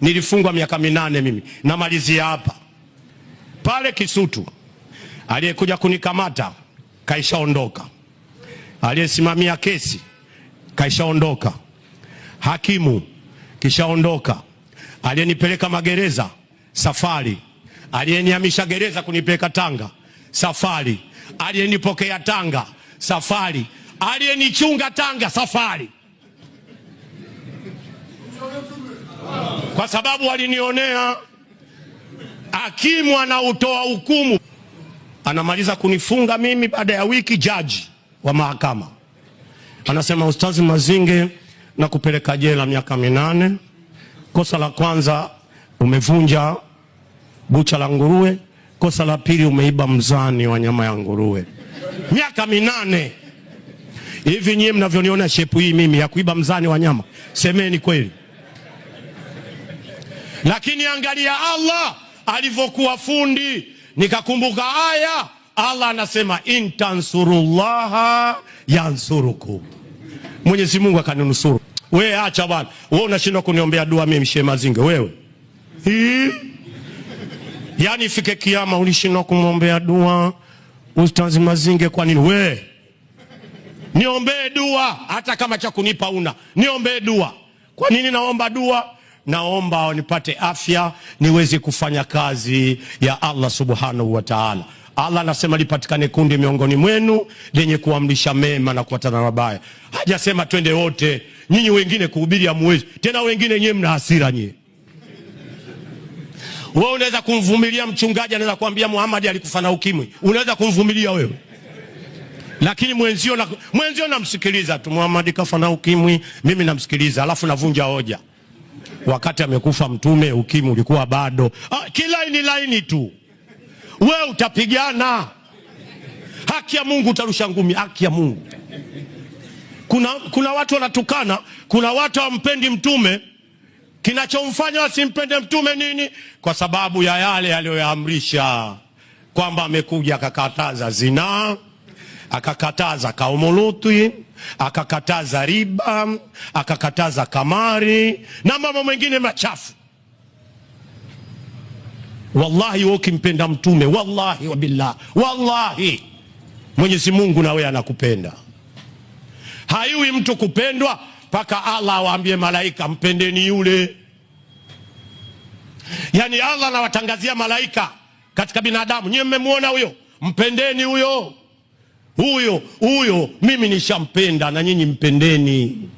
nilifungwa miaka minane mimi, namalizia hapa pale Kisutu. Aliyekuja kunikamata kaishaondoka, aliyesimamia kesi kaishaondoka, hakimu kishaondoka, aliyenipeleka magereza safari, aliyenihamisha gereza kunipeleka Tanga safari, aliyenipokea Tanga safari, aliyenichunga Tanga safari. kwa sababu walinionea. Hakimu anautoa hukumu, anamaliza kunifunga mimi. Baada ya wiki, jaji wa mahakama anasema, Ustazi Mazinge na kupeleka jela miaka minane. Kosa la kwanza umevunja bucha la nguruwe, kosa la pili umeiba mzani wa nyama ya nguruwe. Miaka minane! Hivi nyie mnavyoniona shepu hii mimi ya kuiba mzani wa nyama, semeni kweli? Lakini angalia Allah alivyokuwa fundi, nikakumbuka aya. Allah anasema intansurullaha yansurukum, Mwenyezi Mungu akanunusuru. We acha bwana, we unashindwa kuniombea dua mimi Mazinge wewe hii. Yani ifike kiama ulishindwa kumwombea dua Ustazi Mazinge, kwa nini we? Niombee dua hata kama cha kunipa una, niombee dua. Kwa nini naomba dua? naomba nipate afya niweze kufanya kazi ya Allah subhanahu wa ta'ala. Allah anasema lipatikane kundi miongoni mwenu lenye kuamrisha mema na kuwatana mabaya. Hajasema twende wote, nyinyi wengine kuhubiri hamwezi tena, wengine nyinyi mna hasira nyinyi. Wewe unaweza kumvumilia mchungaji, anaweza kuambia Muhammad alikufa na ukimwi, unaweza kumvumilia wewe lakini mwenzio na mwenzio namsikiliza tu, Muhammad kafa na ukimwi, mimi namsikiliza, alafu navunja hoja wakati amekufa Mtume ukimu ulikuwa bado. Ah, kilaini laini tu, we utapigana haki ya Mungu, utarusha ngumi haki ya Mungu. Kuna, kuna watu wanatukana, kuna watu hawampendi Mtume. Kinachomfanya wasimpende Mtume nini? Kwa sababu ya yale aliyoyaamrisha kwamba amekuja akakataza zinaa, akakataza kaumuluti akakataza riba, akakataza kamari na mambo mengine machafu. Wallahi wewe ukimpenda Mtume, wallahi wabillah, wallahi Mwenyezi Mungu na wewe anakupenda. Haiwi mtu kupendwa mpaka Allah awaambie malaika mpendeni yule. Yaani Allah anawatangazia malaika katika binadamu, nyiwe mmemwona huyo, mpendeni huyo huyo huyo mimi nishampenda, na nyinyi mpendeni.